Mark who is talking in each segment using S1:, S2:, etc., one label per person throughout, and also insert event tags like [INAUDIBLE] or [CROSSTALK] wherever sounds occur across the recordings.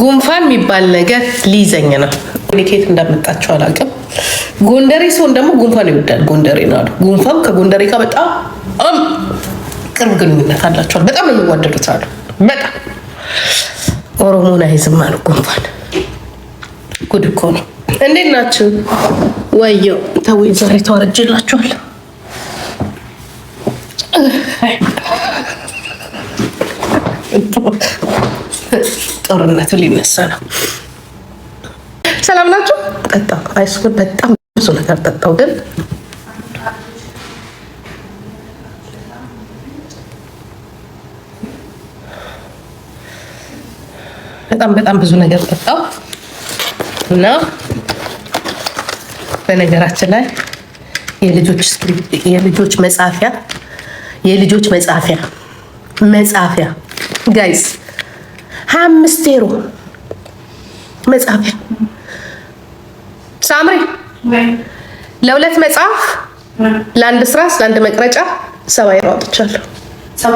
S1: ጉንፋን የሚባል ነገር ሊይዘኝ ነው። ኬት እንዳመጣቸው አላውቅም። ጎንደሬ ሲሆን ደግሞ ጉንፋን ይወዳል። ጎንደሬ ነው አሉ። ጉንፋን ከጎንደሬ ጋር በጣም ቅርብ ግንኙነት አላቸዋል። በጣም ነው የሚዋደዱት አሉ። በጣም ኦሮሞን አይዝም አሉ። ጉንፋን ጉድ እኮ ነው። እንዴት ናችሁ? ወየው ተው፣ ዛሬ ተዋርጅላችኋል። ጦርነቱ ሊነሳ ነው። ሰላም ናቸው። ጠጣ አይሱን በጣም ብዙ ነገር ጠጣው ግን በጣም በጣም ብዙ ነገር ጠጣው እና በነገራችን ላይ የልጆች መጻፊያ የልጆች መጻፊያ መጻፊያ ጋይስ ሀያ አምስት ዜሮ መጽሐፊያ ሳምሪ ለሁለት መጽሐፍ ለአንድ ስራስ ለአንድ መቅረጫ ሰባ ዩሮ አውጥቻለሁ። ሰባ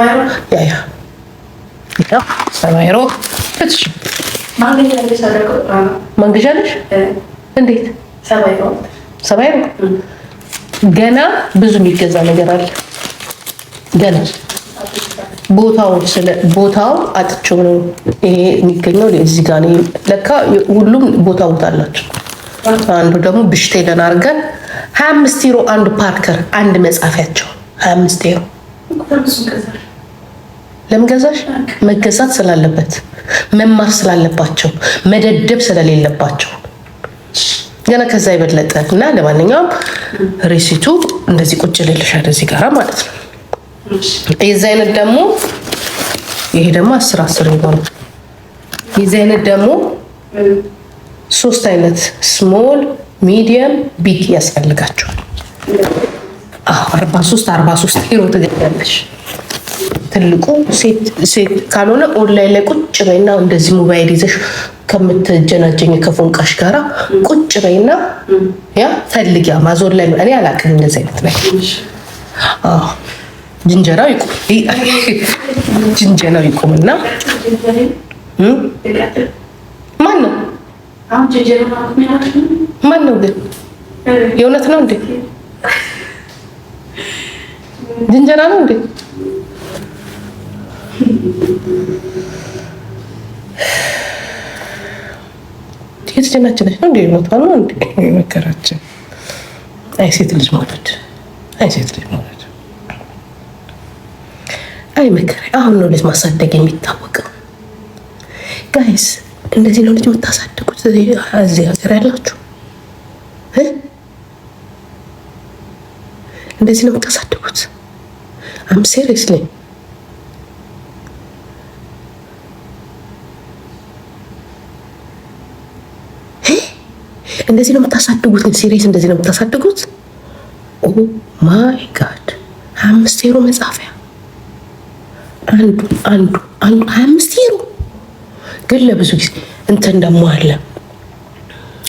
S1: ዩሮ
S2: ማንገዣለሽ? እንዴት ሰባ ዩሮ?
S1: ገና ብዙ የሚገዛ ነገር አለ ገና ቦታው አጥቼው ነው ይሄ የሚገኘው። እዚህ ጋ ለካ ሁሉም ቦታ ቦታ አላቸው። አንዱ ደግሞ ብሽቴለን አድርገን ሀያ አምስት ዩሮ አንዱ ፓርከር አንድ መጻፊያቸው ሀያ አምስት ዩሮ ለምገዛሽ መገዛት ስላለበት መማር ስላለባቸው መደደብ ስለሌለባቸው ገና ከዛ የበለጠ እና ለማንኛውም ሬሲቱ እንደዚህ ቁጭ ልልሻል እዚህ ጋራ ማለት ነው። የዚህ አይነት ደግሞ ይሄ ደግሞ አስር አስር ይባሉ። የዚህ አይነት ደግሞ ሶስት አይነት ስሞል፣ ሚዲየም፣ ቢግ ያስፈልጋቸዋል። አርባ ሶስት አርባ ሶስት ኪሎ ትገኛለሽ። ትልቁ ሴት ካልሆነ ኦንላይን ላይ ቁጭ በይና እንደዚህ ሞባይል ይዘሽ ከምትጀናጀኝ ከፎንቃሽ ጋራ ቁጭ በይና ያ ፈልጊ። አማዞን ላይ እኔ አላውቅም እንደዚህ አይነት ላይ ጅንጀራው ይቁም፣ ጅንጀራው ይቁም እና ማን ነው ማን ነው ግን የእውነት ነው እንዴ? ጅንጀራ ነው እንዴ? የት ጀናችነች ነው እንዴ? ሞቷል ነው እንዴ? መከራችን። አይ ሴት ልጅ መውለድ፣ አይ ሴት ልጅ መውለድ አይ መከራ። አሁን ነው ልጅ ማሳደግ የሚታወቀው። ጋይስ እንደዚህ ነው ልጅ የምታሳድጉት እዚህ ሀገር ያላችሁ እንደዚህ ነው የምታሳድጉት። አም ሴሪየስሊ እንደዚህ ነው የምታሳድጉት። ግን ሲሪየስ እንደዚህ ነው የምታሳድጉት። ኦ ማይ ጋድ አምስት ዩሮ መጻፊያ አንዱ አንዱ አንዱ ሀያ አምስት ዩሮ ግን ለብዙ ጊዜ እንትን ደግሞ አለ።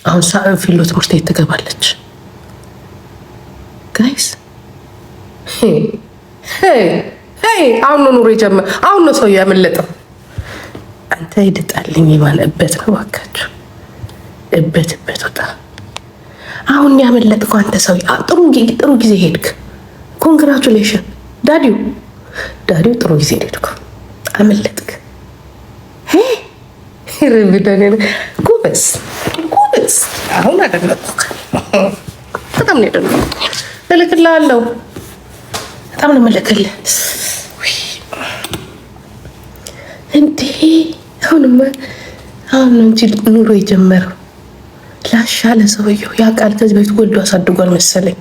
S1: አሁን ሳን ፊሎ ትምህርት ቤት ትገባለች። ጋይስ አሁን ነው ኑሮ የጀመ አሁን ነው ሰው ያመለጠው። አንተ ይድጣልኝ ይባል እበት ነው ባካችሁ፣ እበት እበት ወጣ። አሁን ያመለጥከው አንተ ሰው ጥሩ ጊዜ ሄድክ። ኮንግራቹሌሽን ዳዲው ዳዲው ጥሩ ጊዜ ሄድኩ፣ አመለጥክ። ጎበዝ ጎበዝ። አሁን አደነኩ፣ በጣም ነው ያደነኩ። አለው። በጣም ነው የምልክልህ። እንዲህ አሁንማ አሁን ነው እንጂ ኑሮ የጀመረው ላሻ ለሰውየው ያ ቃል ከዚህ በፊት ወልዶ አሳድጓል መሰለኝ።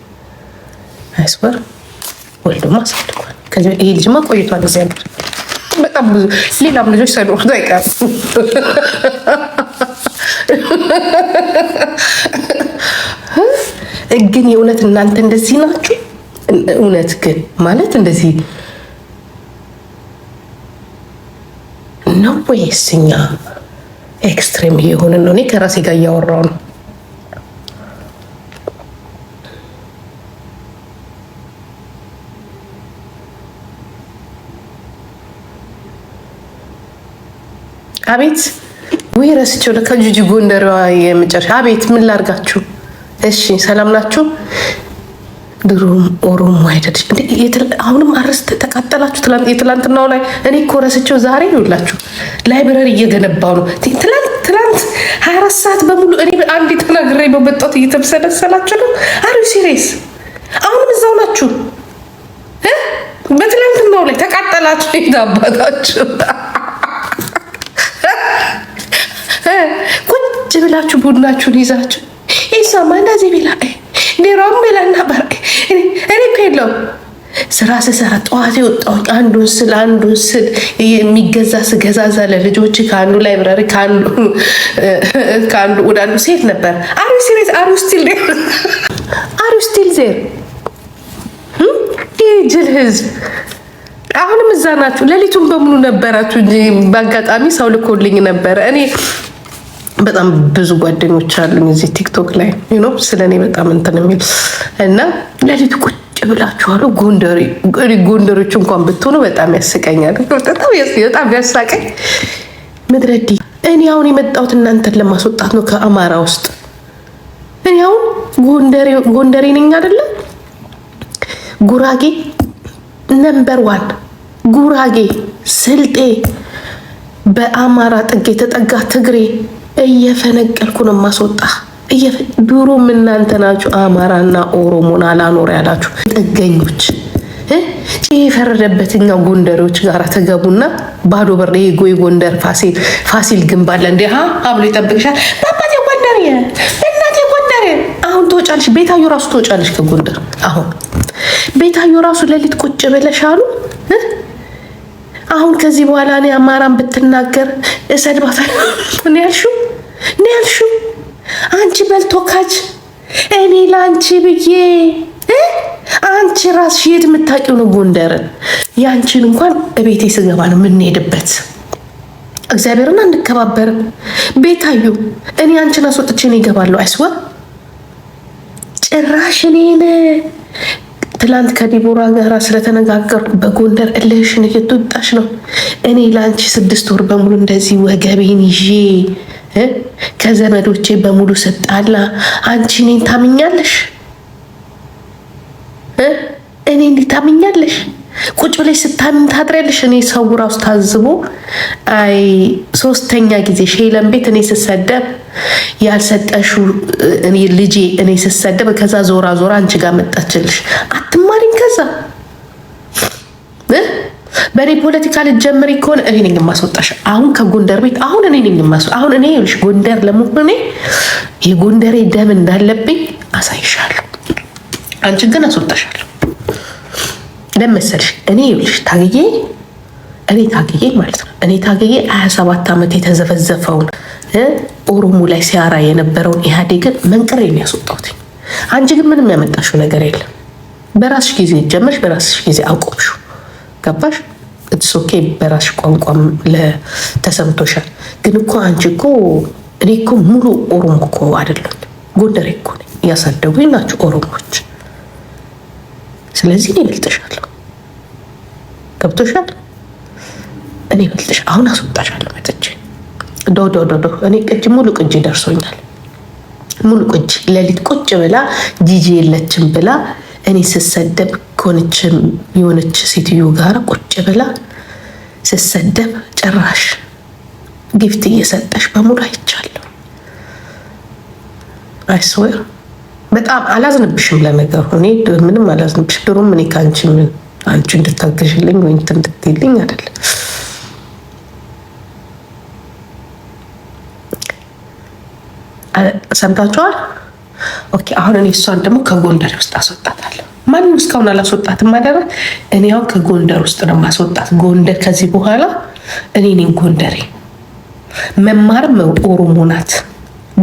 S1: አይስበር ወልዶማ አሳድጓል። ይሄ ልጅማ ቆይቷል እዚህ በጣም ብዙ ሌላም ልጆች ሳይኖሩት አይቀርም። ግን የእውነት እናንተ እንደዚህ ናችሁ? እውነት ግን ማለት እንደዚህ ነው ወይስ እኛ ኤክስትሪም የሆንን ነው? እኔ ከራሴ ጋር እያወራው ነው። አቤት ወይ ረስቸው ከጁጂ ጎንደር የመጨረሻ አቤት ምን ላርጋችሁ? እሺ ሰላም ናችሁ? ድሮም ኦሮሞ አይደለች። አሁንም አረስ ተቃጠላችሁ። የትላንትናው ላይ እኔ እኮ ረስቸው ዛሬ ይውላችሁ ላይብረሪ እየገነባው ነው። ትላንት ሀያ አራት ሰዓት በሙሉ እኔ አንድ ተናግሬ በመጣት እየተብሰለሰላችሁ ነው። አሪ ሲሪየስ አሁንም እዛው ናችሁ። በትላንትናው ላይ ተቃጠላችሁ። የት አባታችሁ ቁጭ ብላችሁ ቡድናችሁን ይዛችሁ ይሷማ እንደዚህ ቢላ ኔሮም ብለን ነበር። እኔ እኮ የለውም ስራ ስሰራ ጠዋት የወጣሁት አንዱን ስል አንዱን ስል የሚገዛ ስገዛዛ ለልጆች ከአንዱ ላይብራሪ ከአንዱ ወደ አንዱ ሴት ነበር። አሪ ስቲል ዜር አሪ ስቲል ዜር ጅል ህዝብ አሁንም እዛ ናችሁ። ሌሊቱን በሙሉ ነበራችሁ። በአጋጣሚ ሰው ልኮልኝ ነበረ እኔ በጣም ብዙ ጓደኞች አሉኝ እዚህ ቲክቶክ ላይ ዩኖ ስለ እኔ በጣም እንትን የሚል እና ለሊት ቁጭ ብላችኋሉ ጎንደሪ ጎንደሮች እንኳን ብትሆኑ በጣም ያስቀኛል። በጣም ያሳቀኝ ምድረዲ እኔ አሁን የመጣሁት እናንተን ለማስወጣት ነው ከአማራ ውስጥ። እኔ አሁን ጎንደሬ ነኝ አይደለም ጉራጌ ነምበር ዋን ጉራጌ፣ ስልጤ፣ በአማራ ጥግ የተጠጋ ትግሬ እየፈነቀልኩ ነው ማስወጣ። ድሮም እናንተ ናችሁ አማራና ኦሮሞን አላኖር ያላችሁ ጥገኞች። ይህ የፈረደበት እኛ ጎንደሬዎች ጋር ተገቡና ባዶ በር የጎ ጎንደር ፋሲል ግንብ አለ እንዲ አብሎ ይጠብቅሻል። በአባቴ ጎንደር፣ በእናቴ ጎንደር። አሁን ትወጫለሽ፣ ቤታዩ ራሱ ትወጫለሽ ከጎንደር። አሁን ቤታዩ ራሱ ሌሊት ቁጭ ብለሻሉ አሁን ከዚህ በኋላ እኔ አማራን ብትናገር እሰድባታለሁ ነው ያልሺው? ነው ያልሺው? አንቺ በልቶካች እኔ ለአንቺ ብዬ አንቺ ራስሽ የት የምታውቂው ነው ጎንደርን? ያንቺን እንኳን ቤቴ ስገባ ነው የምንሄድበት። እግዚአብሔርን አንከባበርም። ቤታዩ እኔ አንቺን አስወጥቼ ነው ይገባለሁ። አይስዋ ጭራሽ እኔን ትላንት ከዲቦራ ጋራ ስለተነጋገርኩ በጎንደር እልህሽን እየተወጣሽ ነው። እኔ ለአንቺ ስድስት ወር በሙሉ እንደዚህ ወገቤን ይዤ ከዘመዶቼ በሙሉ ስጣላ አንቺ እኔን ታምኛለሽ? እኔ እንዲህ ታምኛለሽ? ቁጭ ብለሽ ስታምን ታድሪያለሽ። እኔ ሰው ራሱ ታዝቦ አይ ሶስተኛ ጊዜ ሼለን ቤት እኔ ስሰደብ ያልሰጠሽው ልጄ እኔ ስሰደብ ከዛ ዞራ ዞራ አንቺ ጋር መጣችልሽ። አትማሪኝ ከዛ በእኔ ፖለቲካ ልትጀምሪ ከሆነ እኔ ነኝ የማስወጣሽ። አሁን ከጎንደር ቤት አሁን እኔ ነኝ የማስ አሁን እኔ ይኸውልሽ ጎንደር ለመሆኔ የጎንደሬ ደም እንዳለብኝ አሳይሻለሁ። አንቺ ግን አስወጣሻለሁ። ለመሰልሽ እኔ ይኸውልሽ ታግዬ እኔ ታግዬ ማለት ነው እኔ ታግዬ ሀያ ሰባት ዓመት የተዘፈዘፈውን ኦሮሞ ላይ ሲያራ የነበረውን ኢህአዴግን መንቅሬ ነው ያስወጣሁት። አንቺ ግን ምንም ያመጣሽው ነገር የለም። በራስሽ ጊዜ ጀመርሽ፣ በራስሽ ጊዜ አቆምሽው። ገባሽ? እትሶኬ በራስሽ ቋንቋም ተሰምቶሻል። ግን እኮ አንቺ እኮ እኔ እኮ ሙሉ ኦሮሞ እኮ አይደለም፣ ጎንደሬ እኮ ነኝ። እያሳደጉኝ ናቸው ኦሮሞዎች። ስለዚህ እኔ እበልጥሻለሁ። ገብቶሻል? እኔ እበልጥሻለሁ። አሁን አስወጣሻለሁ መጥቼ ዶ ዶ ዶ እኔ ቅጅ ሙሉ ቅጅ ደርሶኛል። ሙሉ ቅጅ ሌሊት ቁጭ ብላ ጂጂ የለችም ብላ እኔ ስሰደብ ከሆነች የሆነች ሴትዮ ጋር ቁጭ ብላ ስሰደብ ጭራሽ ጊፍት እየሰጠሽ በሙሉ አይቻለሁ። አይስዌር በጣም አላዝንብሽም። ለነገሩ እኔ ምንም አላዝንብሽ። ድሮም እኔ ከአንቺ ምን አንቺ እንድታገዥልኝ ወይ እንትን እንድትይልኝ አይደለም ሰምታችኋል። ኦኬ አሁን እኔ እሷን ደግሞ ከጎንደር ውስጥ አስወጣታለሁ። ማንም እስካሁን አላስወጣትም ማደረ እኔ አሁን ከጎንደር ውስጥ ነው ማስወጣት። ጎንደር ከዚህ በኋላ እኔ ነኝ ጎንደሬ። መማርም ኦሮሞ ናት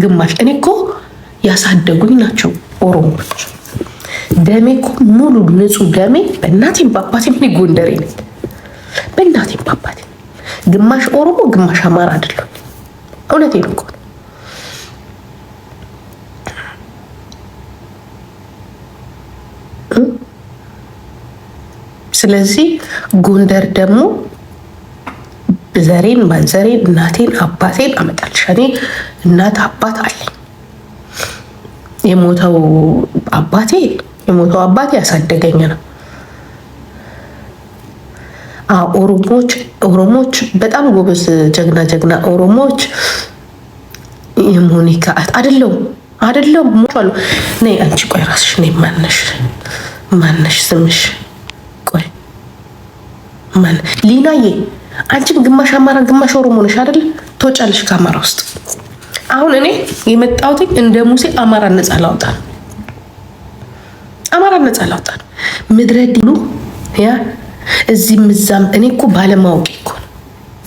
S1: ግማሽ። እኔ እኮ ያሳደጉኝ ናቸው ኦሮሞች። ደሜ እኮ ሙሉ ንጹህ ደሜ በእናቴም በአባቴም እኔ ጎንደሬ ነኝ። በእናቴም በአባቴም ግማሽ ኦሮሞ ግማሽ አማራ አይደለሁ። እውነቴን እኮ ስለዚህ ጎንደር ደግሞ ዘሬን ማንዘሬን እናቴን አባቴን አመጣልሻኔ እናት አባት አለኝ። የሞተው አባቴ የሞተው አባቴ ያሳደገኝ ነው። ኦሮሞች ኦሮሞች በጣም ጎበዝ ጀግና ጀግና ኦሮሞዎች የሞኒካ አይደለሁም አይደለሁም ሞቹ አሉ። ነይ አንቺ ቆይ ራስሽ ነይ ማነሽ ማነሽ ስምሽ ማን ሊናዬ፣ አንቺም ግማሽ አማራ ግማሽ ኦሮሞ ነሽ አይደል? ትወጫለሽ ከአማራ ውስጥ። አሁን እኔ የመጣሁትኝ እንደ ሙሴ አማራ ነጻ ላውጣ፣ አማራ ነጻ ላውጣ። ምድረ ዲኑ ያ እዚህም እዛም። እኔ እኮ ባለማወቅ እኮ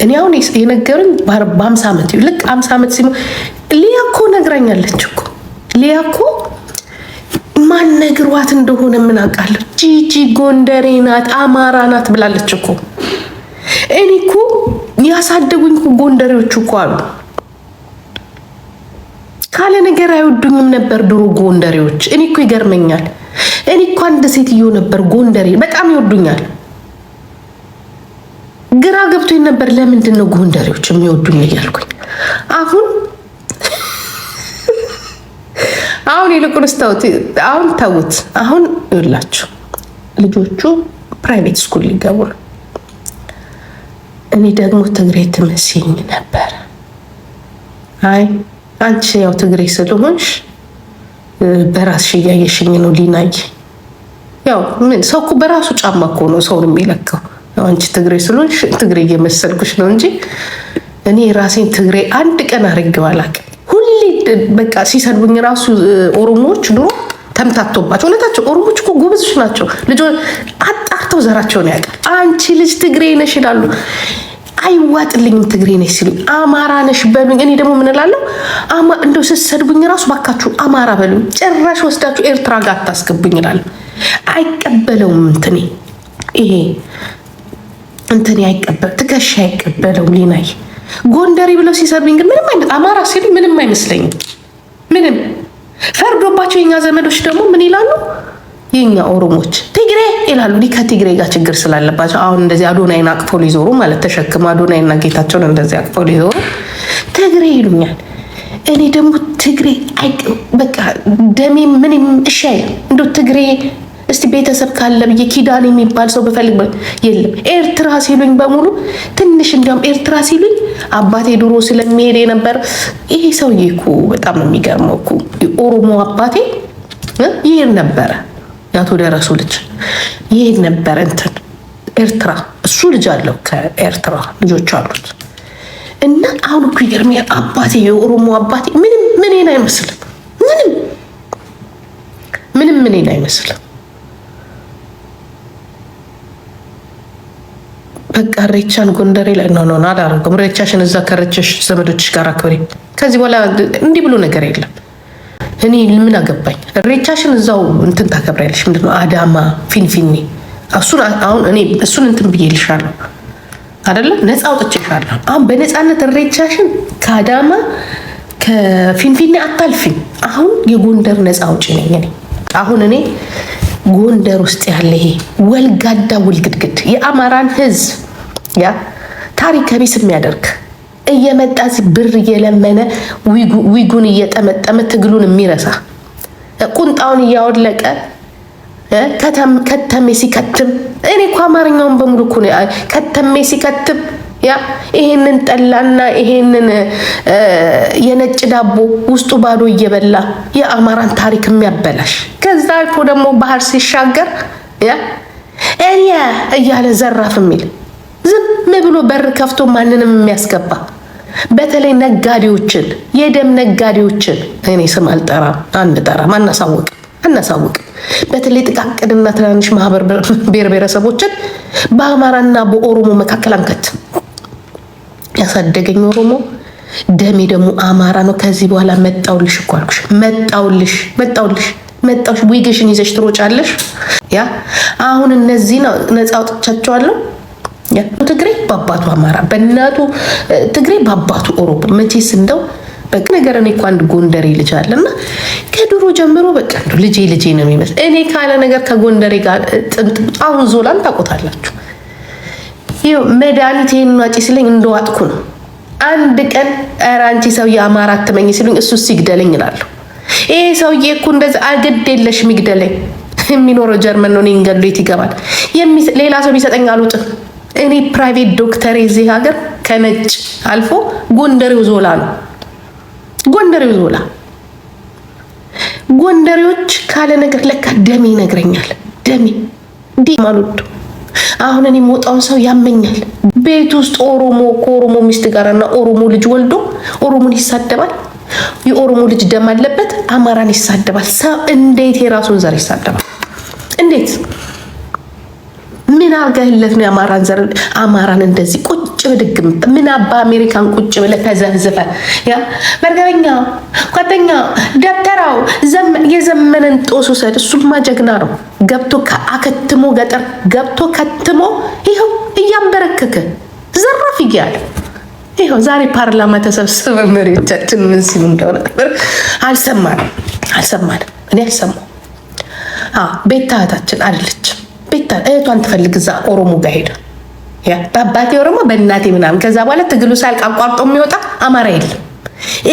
S1: እኔ አሁን የነገሩኝ በአምሳ ዓመት ልክ አምሳ ዓመት ሲሞ ሊያ እኮ ነግራኛለች እኮ ሊያ እኮ ነግሯት እንደሆነ ምን አውቃለሁ። ጂጂ ጎንደሬ ናት፣ አማራ ናት ብላለች እኮ። እኔ እኮ ያሳደጉኝ እኮ ጎንደሬዎች እኮ አሉ። ካለ ነገር አይወዱኝም ነበር ድሮ ጎንደሬዎች። እኔ እኮ ይገርመኛል። እኔ እኮ አንድ ሴትዮ ነበር ጎንደሬ፣ በጣም ይወዱኛል። ግራ ገብቶኝ ነበር፣ ለምንድን ነው ጎንደሬዎች የሚወዱኝ እያልኩኝ አሁን አሁን ይልቁንስ ተውት። አሁን ተውት። አሁን ይላችሁ ልጆቹ ፕራይቬት ስኩል ሊገቡ ነው። እኔ ደግሞ ትግሬ ትመስኝ ነበር። አይ አንቺ ያው ትግሬ ስለሆንሽ በራስሽ እያየሽኝ ነው ሊናይ ያው ምን ሰው እኮ በራሱ ጫማ እኮ ነው ሰውን የሚለካው። አንቺ ትግሬ ስለሆንሽ ትግሬ እየመሰልኩሽ ነው እንጂ እኔ ራሴን ትግሬ አንድ ቀን አድርጌው አላውቅም። በቃ ሲሰድቡኝ ራሱ ኦሮሞዎች ድሮ ተምታቶባቸው እውነታቸው። ኦሮሞች እኮ ጎበዞች ናቸው። ልጆ አጣርተው ዘራቸውን ያውቃል። አንቺ ልጅ ትግሬ ነሽ ይላሉ። አይዋጥልኝም ትግሬ ነሽ ሲሉ አማራ ነሽ በሉኝ። እኔ ደግሞ ምንላለው እንደ እንደው ስትሰድቡኝ ራሱ ባካችሁ አማራ በሉ ጭራሽ ወስዳችሁ ኤርትራ ጋር አታስገቡኝ ይላሉ። አይቀበለውም እንትኔ ይሄ እንትኔ አይቀበል ትከሻ አይቀበለውም ሊናይ ጎንደሪ ብለው ሲሰድቡኝ ግን ምንም አይነት አማራ ሲሉኝ ምንም አይመስለኝም። ምንም ፈርዶባቸው የኛ ዘመዶች ደግሞ ምን ይላሉ? የኛ ኦሮሞች ትግሬ ይላሉ። እኔ ከትግሬ ጋር ችግር ስላለባቸው አሁን እንደዚህ አዶናይን አቅፎ ሊዞሩ ማለት ተሸክመው አዶናይና ጌታቸውን እንደዚህ አቅፎ ሊዞሩ ትግሬ ይሉኛል። እኔ ደግሞ ትግሬ በቃ ደሜ ምንም እሻይ እንዶ ትግሬ እስቲ ቤተሰብ ካለ ብዬ ኪዳን የሚባል ሰው ብፈልግ የለም። ኤርትራ ሲሉኝ በሙሉ ትንሽ እንዲያውም ኤርትራ ሲሉኝ አባቴ ድሮ ስለሚሄድ የነበር ይሄ ሰውዬ እኮ በጣም የሚገርመው እኮ የኦሮሞ አባቴ ይሄድ ነበረ። ያቶ ደረሱ ልጅ ይሄድ ነበረ እንትን ኤርትራ። እሱ ልጅ አለው ከኤርትራ ልጆች አሉት። እና አሁን እኮ ይገርምኛል። አባቴ የኦሮሞ አባቴ ምንም ምንን አይመስልም። ምንም ምንም ምንን አይመስልም። በቃ ሬቻን ጎንደሬ ላይ ነው ነው አላረገም። ሬቻሽን እዛ ከረቸሽ ዘመዶችሽ ጋር አክብሬ ከዚህ በኋላ እንዲህ ብሎ ነገር የለም። እኔ ምን አገባኝ? ሬቻሽን እዛው እንትን ታከብሪያለሽ። ምንድነው አዳማ ፊንፊኔ፣ እሱን አሁን እኔ እሱን እንትን ብዬልሻለሁ አይደለ? ነፃ አውጥቼሻለሁ። አሁን በነፃነት ሬቻሽን ከአዳማ ከፊንፊኔ አታልፊኝ። አሁን የጎንደር ነፃ አውጪ ነኝ እኔ አሁን እኔ ጎንደር ውስጥ ያለ ይሄ ወልጋዳ ውልግድግድ የአማራን ህዝብ ያ ታሪክ ቢስ የሚያደርግ እየመጣ ብር እየለመነ ዊጉን እየጠመጠመ ትግሉን የሚረሳ ቁንጣውን እያወለቀ ከተሜ ሲከትም እኔ እኮ አማርኛውን በሙሉ እኮ ከተሜ ሲከትም ያ ይሄንን ጠላና ይሄንን የነጭ ዳቦ ውስጡ ባዶ እየበላ የአማራን ታሪክ የሚያበላሽ ከዛ አልፎ ደግሞ ባህር ሲሻገር ያ እኔ እያለ ዘራፍ የሚል ዝም ብሎ በር ከፍቶ ማንንም የሚያስገባ በተለይ ነጋዴዎችን፣ የደም ነጋዴዎችን እኔ ስም አልጠራም፣ አንድ ጠራም፣ አናሳውቅ አናሳውቅ። በተለይ ጥቃቅንና ትናንሽ ማህበር ብሔር ብሔረሰቦችን በአማራና በኦሮሞ መካከል አንከት። ያሳደገኝ ኦሮሞ ደሜ ደግሞ አማራ ነው። ከዚህ በኋላ መጣውልሽ እኮ አልኩሽ፣ መጣውልሽ መጣውልሽ መጣውሽ። ዊግሽን ይዘሽ ትሮጫለሽ። ያ አሁን እነዚህ ነፃ አውጥቻቸዋለሁ። ያ ትግሬ በአባቱ አማራ፣ በእናቱ ትግሬ በአባቱ ኦሮሞ። መቼስ እንደው በቃ ነገር እኔ እኮ አንድ ጎንደሬ ልጅ አለ እና ከድሮ ጀምሮ በቃ ልጄ ልጄ ነው የሚመስል እኔ ካለ ነገር ከጎንደሬ ጋር አሁን ዞላን ታቆታላችሁ። መድኃኒት ይሄን ናጭ ሲለኝ እንደዋጥኩ ነው። አንድ ቀን ኧረ አንቺ ሰውዬ አማራ አትመኝ ሲሉኝ እሱ ሲግደለኝ እላለሁ። ይሄ ሰውዬ እኮ እንደዚያ ግድ የለሽም ይግደለኝ። የሚኖረው ጀርመን ነው። እኔን ገድሎ የት ይገባል? ሌላ ሰው ቢሰጠኝ አልውጥም። እኔ ፕራይቬት ዶክተር የዚህ ሀገር ከነጭ አልፎ ጎንደሬው ዞላ ነው። ጎንደሬው ዞላ ጎንደሬዎች ካለ ነገር ለካ ደሜ ይነግረኛል። ደሜ ዲ ማሉዱ አሁን እኔ የምወጣውን ሰው ያመኛል። ቤት ውስጥ ኦሮሞ ከኦሮሞ ሚስት ጋርና ኦሮሞ ልጅ ወልዶ ኦሮሞን ይሳደባል። የኦሮሞ ልጅ ደም አለበት፣ አማራን ይሳደባል። ሰው እንዴት የራሱን ዘር ይሳደባል? እንዴት ምን አርገህለት ነው የአማራን ዘር አማራን እንደዚህ ቁጭ ብድግ ምን አባ አሜሪካን ቁጭ ብለ ብለህ ያ መርገበኛ ኳተኛ ደብተራው የዘመነን ጦስ ውሰድ። እሱማ ጀግና ነው። ገብቶ አከትሞ ገጠር ገብቶ ከትሞ ይኸው እያንበረከከ ዘራፍ እያለ ይኸው ዛሬ ፓርላማ ተሰብስበ መሪዎቻችን ምን ሲሉ እንደሆነ ነበር። አልሰማንም አልሰማንም። እኔ አልሰማሁም። ቤት ታህታችን አይደለችም። ሪስፔክት እህቷን ትፈልግ እዛ ኦሮሞ ጋር ሄዳ በአባቴ ኦሮሞ በእናቴ ምናምን። ከዛ በኋላ ትግሉ ሳልቅ አቋርጦ የሚወጣ አማራ የለም።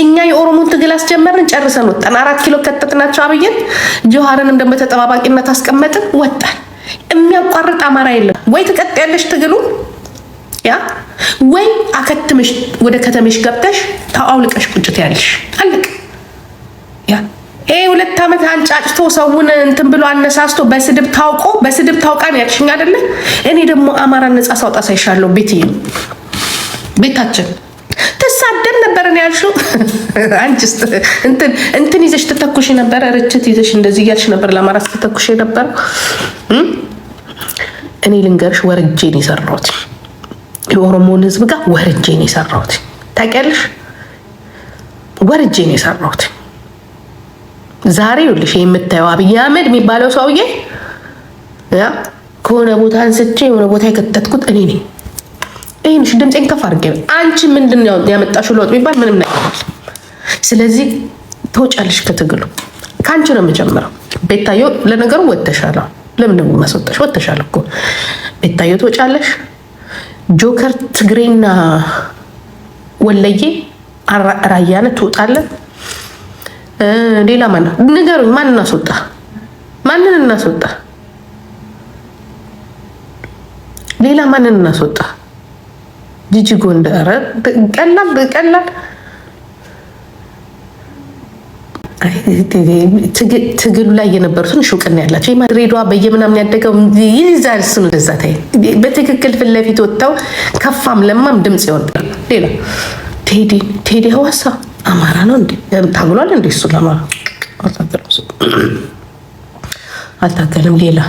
S1: እኛ የኦሮሞን ትግል አስጀመርን፣ ጨርሰን ወጣን። አራት ኪሎ ከተትናቸው አብይን፣ ጆሃርንም ደግሞ ተጠባባቂነት አስቀመጥን፣ ወጣን። የሚያቋርጥ አማራ የለም። ወይ ትቀጥ ያለሽ ትግሉ ያ ወይ አከትምሽ ወደ ከተሜሽ ገብተሽ አውልቀሽ ቁጭት ያለሽ አለቅ ያ ይሄ ሁለት ዓመት አንጫጭቶ ሰውን እንትን ብሎ አነሳስቶ በስድብ ታውቆ በስድብ ታውቃ ነው ያልሽኝ አይደለ? እኔ ደግሞ አማራ ነጻ ሳውጣ ሳይሻለሁ ቤት ቤታችን ትሳደብ ነበር ነው ያልሽው። [LAUGHS] አንቺስ እንትን እንትን ይዘሽ ትተኩሽ ነበረ፣ ርችት ይዘሽ እንደዚህ እያልሽ ነበር ለአማራ ስትተኩሽ ነበር። እኔ ልንገርሽ ወርጄን የሰራሁት የኦሮሞን ህዝብ ጋር ወርጄን የሰራሁት ታውቂያለሽ፣ ወርጄን የሰራሁት ዛሬ ይኸውልሽ የምታየው አብይ አህመድ የሚባለው ሰውዬ ከሆነ ቦታ አንስቼ የሆነ ቦታ የከተትኩት እኔ ነኝ። ይህንሽ ድምፄን ከፍ አድርጌ አንቺ ምንድን ያመጣሽው ለውጥ የሚባል ምንም ነገር ስለዚህ ተወጫለሽ ከትግሉ ከአንቺ ነው የምጀምረው። ቤታዮ ለነገሩ ወተሻለሁ። ለምን ደግሞ ማስወጣሽ? ወተሻለ እኮ ቤታዮ ተወጫለሽ። ጆከር ትግሬና ወለዬ ራያነ ትወጣለን። ሌላ ማን ነው? ንገሩኝ። ማን እናስወጣ? ማንን እናስወጣ? ሌላ ማንን እናስወጣ? ጂጂ ጎንደር ቀላል ቀላል ትግሉ ላይ የነበሩትን እውቅና ያላቸው ድሬዳዋ በየምናምን ያደገው ይዛል ስም ዛ ታይ በትክክል ፊት ለፊት ወጥተው ከፋም ለማም ድምፅ ይወጣል። ሌላ ቴዲ ቴዲ ሀዋሳ አማራ ነው እንዴ? ታግሏል እንዴ? እሱ ለአማራ አልታገለም፣ ሌላ